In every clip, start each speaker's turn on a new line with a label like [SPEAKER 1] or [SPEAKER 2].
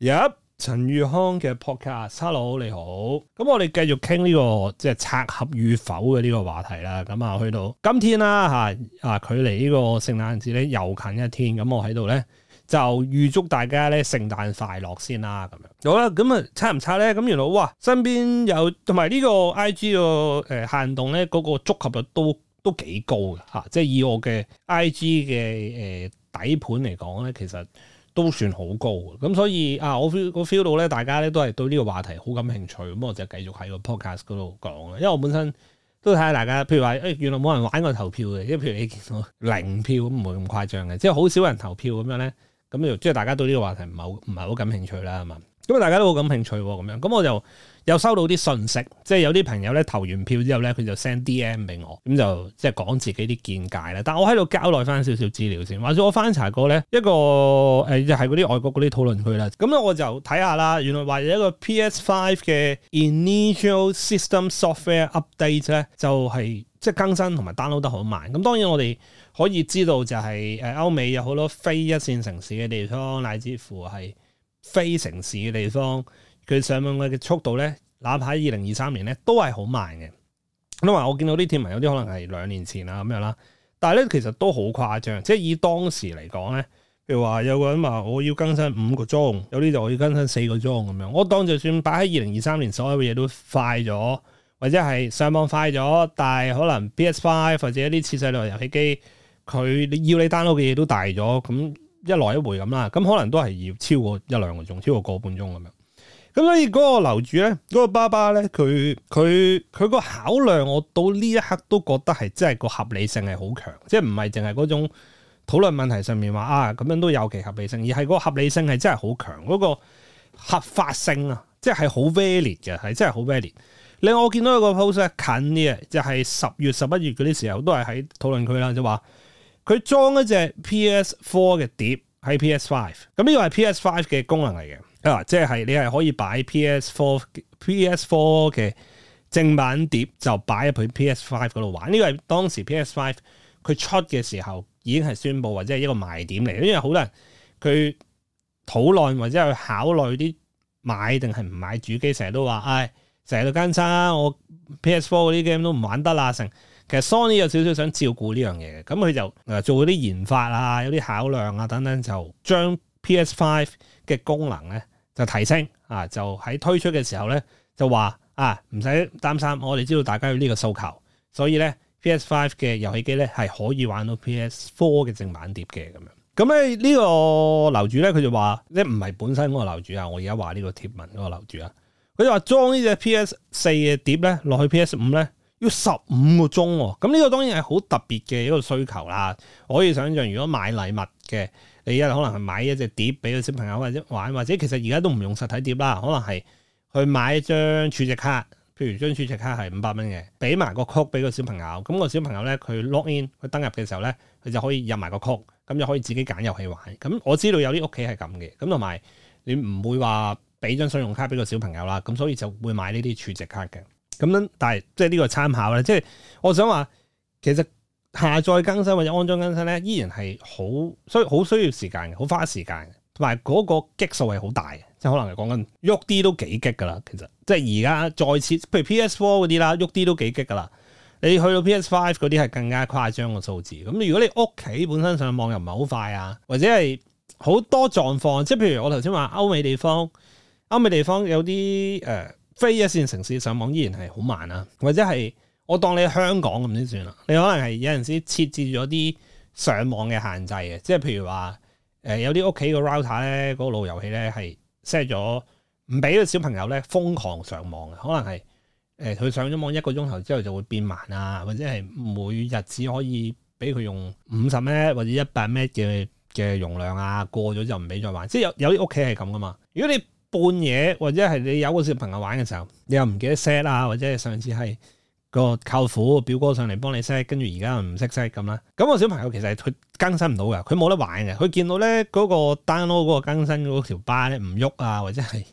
[SPEAKER 1] 入陳宇康嘅 podcast，hello 你好，咁我哋繼續傾呢、這個即係拆合與否嘅呢個話題啦。咁啊，去到今天啦吓、啊，啊，距離呢個聖誕節咧又近一天，咁我喺度咧就預祝大家咧聖誕快樂先啦。咁樣好啦，咁啊拆唔拆咧？咁原來哇，身邊有同埋、呃、呢、那個 I G 個誒限動咧，嗰個觸及率都都幾高嘅吓、啊。即係以我嘅 I G 嘅誒、呃、底盤嚟講咧，其實。都算好高，咁所以啊，我 feel 我 feel 到咧，大家咧都係對呢個話題好感興趣。咁我就繼續喺個 podcast 度講啦。因為我本身都睇下大家，譬如話誒、哎，原來冇人玩過投票嘅、哎，即係譬如你見到零票咁，唔會咁誇張嘅，即係好少人投票咁樣咧，咁就即係大家對呢個話題唔係好唔係好感興趣啦，係嘛？咁大家都好感興趣喎，咁樣咁我就又收到啲信息，即係有啲朋友咧投完票之後咧，佢就 send DM 俾我，咁就即係講自己啲見解啦。但我喺度交代翻少少資料先，話說我翻查過咧一個誒、呃，就係嗰啲外國嗰啲討論區啦。咁咧我就睇下啦，原來話有一個 PS Five 嘅 Initial System Software Update 咧、就係，就係即係更新同埋 download 得好慢。咁當然我哋可以知道就係、係、誒歐美有好多非一線城市嘅地方，乃至乎係。非城市嘅地方，佢上網嘅速度咧，哪怕喺二零二三年咧，都係好慢嘅。因為我見到啲貼文，有啲可能係兩年前啊咁樣啦，但係咧其實都好誇張。即係以當時嚟講咧，譬如話有個人話我要更新五個鐘，有啲就我要更新四個鐘咁樣。我當就算擺喺二零二三年，所有嘅嘢都快咗，或者係上網快咗，但係可能 PS Five 或者一啲次世代遊戲機，佢你要你 download 嘅嘢都大咗咁。嗯一來一回咁啦，咁可能都係要超過一兩個鐘，超過個半鐘咁樣。咁所以嗰個樓主咧，嗰個爸爸咧，佢佢佢個考量，我到呢一刻都覺得係真係個合理性係好強，即係唔係淨係嗰種討論問題上面話啊咁樣都有其合理性，而係個合理性係真係好強，嗰個合法性啊，即係好 valid 嘅，係真係好 valid。另外我見到有個 post 近啲啊，就係十月十一月嗰啲時候都係喺討論區啦，就話。佢裝一隻 PS4 嘅碟喺 PS5，咁呢個係 PS5 嘅功能嚟嘅啊！即係你係可以擺 PS4、PS4 嘅正版碟就擺入去 PS5 嗰度玩。呢個係當時 PS5 佢出嘅時候已經係宣佈或者係一個賣點嚟，因為好多人佢討論或者去考慮啲買定係唔買主機，成日都話，唉、哎，成日都更新，我 PS4 嗰啲 game 都唔玩得啦，成。其實 Sony 有少少想照顧呢樣嘢嘅，咁佢就誒做啲研發啊，有啲考量啊等等，就將 PS5 嘅功能咧就提升啊，就喺推出嘅時候咧就話啊，唔使擔心，我哋知道大家有呢個訴求，所以咧 PS5 嘅遊戲機咧係可以玩到 PS4 嘅正版碟嘅咁樣。咁咧呢個樓主咧佢就話，即唔係本身嗰個樓主啊，我而家話呢個貼文嗰個樓主啊，佢就話裝呢隻 PS 四嘅碟咧落去 PS 五咧。要十五個鐘喎，咁呢個當然係好特別嘅一個需求啦。我可以想象，如果買禮物嘅，你一可能係買一隻碟俾個小朋友或者玩，或者其實而家都唔用實體碟啦，可能係去買一張儲值卡，譬如張儲值卡係五百蚊嘅，俾埋個曲俾個小朋友。咁個小朋友咧，佢 log in 佢登入嘅時候咧，佢就可以入埋個曲，咁就可以自己揀遊戲玩。咁我知道有啲屋企係咁嘅，咁同埋你唔會話俾張信用卡俾個小朋友啦，咁所以就會買呢啲儲值卡嘅。咁樣，但係即係呢個參考咧，即係我想話，其實下載更新或者安裝更新咧，依然係好需好需要時間嘅，好花時間嘅，同埋嗰個 Gig 數係好大嘅，即係可能係講緊喐啲都幾 Gig 噶啦。其實，即係而家再設，譬如 P S four 嗰啲啦，喐啲都幾 Gig 噶啦。你去到 P S five 嗰啲係更加誇張嘅數字。咁如果你屋企本身上網又唔係好快啊，或者係好多狀況，即係譬如我頭先話歐美地方，歐美地方有啲誒。呃非一線城市上網依然係好慢啊，或者係我當你喺香港咁先算啦。你可能係有陣時設置咗啲上網嘅限制嘅，即係譬如話，誒有啲屋企個 router 咧，嗰個路由器咧係 set 咗唔俾個小朋友咧瘋狂上網嘅，可能係誒佢上咗網一個鐘頭之後就會變慢啊，或者係每日只可以俾佢用五十 m 或者一百 m 嘅嘅容量啊，過咗就唔俾再玩。即係有有啲屋企係咁噶嘛，如果你，半夜或者係你有個小朋友玩嘅時候，你又唔記得 set 啊，或者上次係個舅父表哥上嚟幫你 set，跟住而家又唔識 set 咁啦。咁個小朋友其實佢更新唔到嘅，佢冇得玩嘅。佢見到咧嗰個 download 嗰個更新嗰條 bar 咧唔喐啊，或者係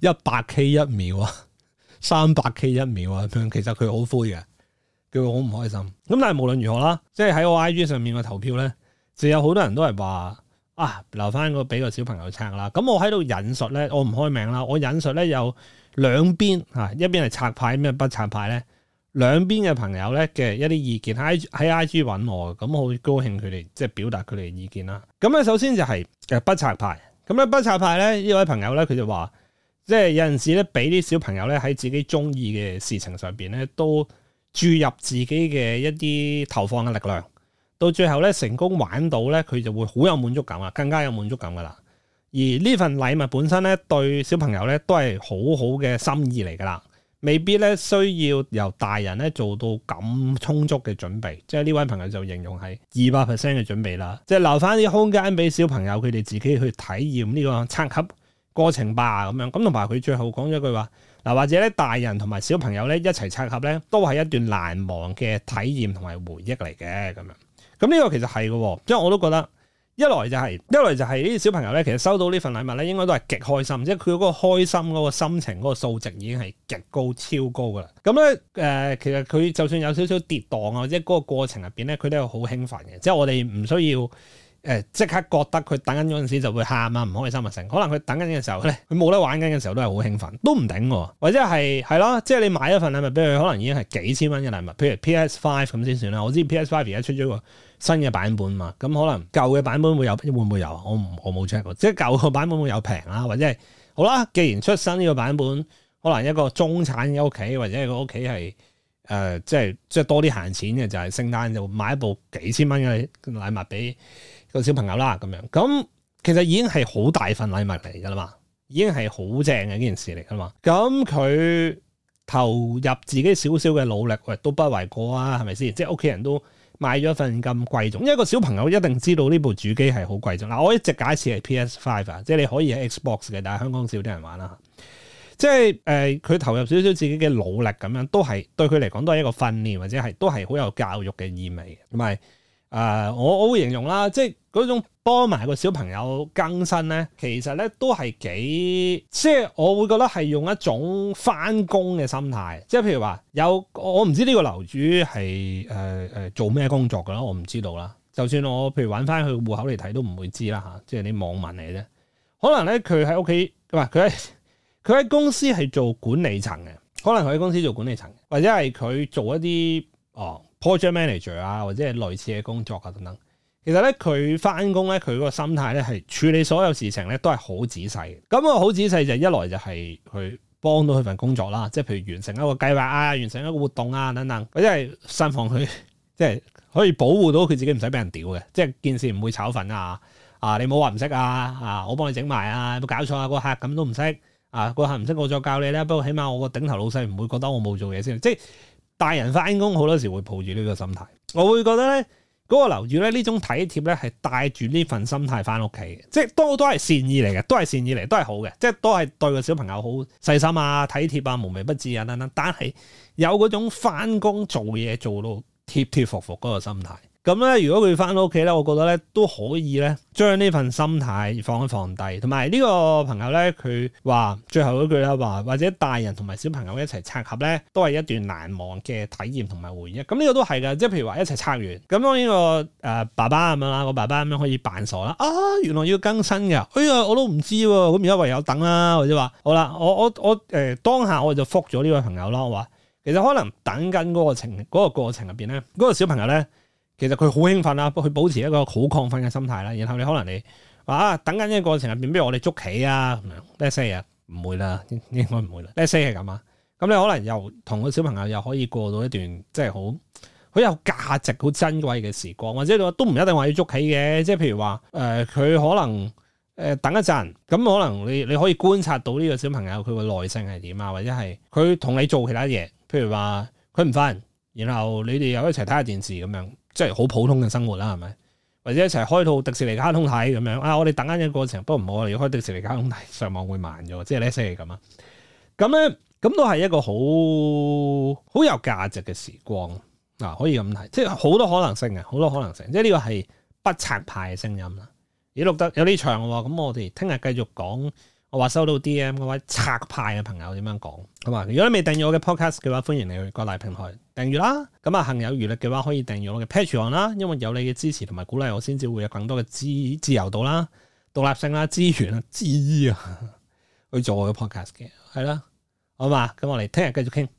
[SPEAKER 1] 一百 k 一秒啊，三百 k 一秒啊，咁樣其實佢好灰嘅，佢好唔開心。咁但係無論如何啦，即係喺我 IG 上面嘅投票咧，就有好多人都係話。啊！留翻個俾個小朋友拆啦。咁我喺度引述咧，我唔開名啦。我引述咧，有兩邊嚇，一邊係拆派，一邊不拆派咧。兩邊嘅朋友咧嘅一啲意見喺喺 I G 揾我，咁好高興佢哋即係表達佢哋嘅意見啦。咁咧首先就係其實不拆派呢。咁咧不拆派咧，呢位朋友咧佢就話，即係有陣時咧俾啲小朋友咧喺自己中意嘅事情上邊咧，都注入自己嘅一啲投放嘅力量。到最後咧，成功玩到咧，佢就會好有滿足感啊，更加有滿足感噶啦。而呢份禮物本身咧，對小朋友咧都係好好嘅心意嚟噶啦，未必咧需要由大人咧做到咁充足嘅準備。即係呢位朋友就形容係二百 percent 嘅準備啦，即係留翻啲空間俾小朋友佢哋自己去體驗呢個拆盒過程吧咁樣。咁同埋佢最後講咗句話嗱，或者咧大人同埋小朋友咧一齊拆盒咧，都係一段難忘嘅體驗同埋回憶嚟嘅咁樣。咁呢個其實係嘅，因為我都覺得一來就係、是、一來就係呢啲小朋友咧，其實收到呢份禮物咧，應該都係極開心，即係佢嗰個開心嗰、那個心情嗰、那個數值已經係極高超高嘅啦。咁咧誒，其實佢就算有少少跌宕啊，或者嗰個過程入邊咧，佢都係好興奮嘅。即係我哋唔需要誒即、呃、刻覺得佢等緊嗰陣時就會喊啊唔開心啊成，可能佢等緊嘅時候咧，佢、哎、冇得玩緊嘅時候都係好興奮，都唔頂。或者係係咯，即係你買一份禮物俾佢，可能已經係幾千蚊嘅禮物，譬如 PS5 咁先算啦。我知 PS5 而家出咗個。新嘅版本嘛，咁、嗯、可能舊嘅版本會有，會唔會有啊？我唔我冇 check 過，即係舊嘅版本會有平啊，或者係好啦。既然出新呢個版本，可能一個中產嘅屋企，或者係個屋企係誒，即係即係多啲閒錢嘅，就係、是、聖誕就買一部幾千蚊嘅禮物俾個小朋友啦。咁樣咁、嗯、其實已經係好大份禮物嚟噶啦嘛，已經係好正嘅呢件事嚟噶嘛。咁、嗯、佢投入自己少少嘅努力，喂、欸，都不為過啊，係咪先？即係屋企人都。買咗份咁貴重，一個小朋友一定知道呢部主機係好貴重。嗱，我一直假設係 PS Five 啊，即係你可以喺 Xbox 嘅，但係香港少啲人玩啦。即係誒，佢、呃、投入少少自己嘅努力咁樣，都係對佢嚟講都係一個訓練，或者係都係好有教育嘅意味，唔係。誒，我、呃、我會形容啦，即係嗰種幫埋個小朋友更新咧，其實咧都係幾，即係我會覺得係用一種返工嘅心態。即係譬如話，有我唔知呢個樓主係誒誒做咩工作㗎啦，我唔知道啦。就算我譬如揾翻佢戶口嚟睇，都唔會知啦嚇。即係啲網民嚟啫。可能咧佢喺屋企，唔係佢喺佢喺公司係做管理層嘅，可能佢喺公司做管理層，或者係佢做一啲哦。project manager 啊，或者係類似嘅工作啊等等，其實咧佢翻工咧，佢嗰個心態咧係處理所有事情咧都係好仔細嘅。咁啊，好仔細就一來就係去幫到佢份工作啦，即係譬如完成一個計劃啊，完成一個活動啊等等，或者係慎防佢即係可以保護到佢自己唔使俾人屌嘅，即係件事唔會炒粉啊啊！你冇話唔識啊啊！我幫你整埋啊，有冇搞錯啊？個客咁都唔識啊？個客唔識我再教你啦。不過起碼我個頂頭老細唔會覺得我冇做嘢先，即係。大人翻工好多時會抱住呢個心態，我會覺得呢嗰、嗰個留住呢，呢種體貼呢，係帶住呢份心態翻屋企即係都都係善意嚟嘅，都係善意嚟，都係好嘅，即係都係對個小朋友好細心啊、體貼啊、無微不至啊等等，但係有嗰種翻工做嘢做到貼貼服服嗰個心態。咁咧，如果佢翻到屋企咧，我覺得咧都可以咧，將呢份心態放喺放低。同埋呢個朋友咧，佢話最後嗰句咧話，或者大人同埋小朋友一齊拆盒咧，都係一段難忘嘅體驗同埋回憶。咁呢個都係嘅，即係譬如話一齊拆完，咁當然個誒、呃、爸爸咁樣啦，我爸爸咁樣可以扮傻啦。啊，原來要更新嘅，哎呀，我都唔知喎、啊。咁而家唯有等啦、啊，或者話好啦，我我我誒、呃、當下我就覆咗呢位朋友啦，我話其實可能等緊嗰個程嗰、那個過程入邊咧，嗰、那個小朋友咧。其實佢好興奮啦，佢保持一個好亢奮嘅心態啦。然後你可能你話啊，等緊呢個過程入邊，比如我哋捉棋啊，咁樣。Let’s say 唔會啦，應該唔會啦。Let’s say 係咁啊。咁你可能又同個小朋友又可以過到一段即係好好有價值、好珍貴嘅時光，或者都都唔一定話要捉棋嘅。即係譬如話誒，佢、呃、可能誒、呃、等一陣，咁可能你你可以觀察到呢個小朋友佢個耐性係點啊，或者係佢同你做其他嘢，譬如話佢唔瞓，然後你哋又一齊睇下電視咁樣。即係好普通嘅生活啦，係咪？或者一齊開套迪士尼卡通睇咁樣啊？我哋等緊一個過程，不過唔好啊！我要開迪士尼卡通睇，上網會慢咗，即係呢一星期咁啊。咁咧，咁都係一個好好有價值嘅時光啊！可以咁睇，即係好多可能性嘅，好多可能性。即係呢個係不拆派嘅聲音啦。而錄得有啲長，咁我哋聽日繼續講。我話收到 DM 嗰位拆派嘅朋友點樣講？咁啊，如果你未訂閱我嘅 podcast 嘅話，歡迎你去各大平台訂閱啦。咁、嗯、啊，行有餘力嘅話，可以訂閱我嘅 Patreon 啦。因為有你嘅支持同埋鼓勵，我先至會有更多嘅自自由度啦、獨立性啦、資源啊、資啊， 去做我嘅 podcast 嘅。係啦，好嘛？咁、嗯、我哋聽日繼續傾。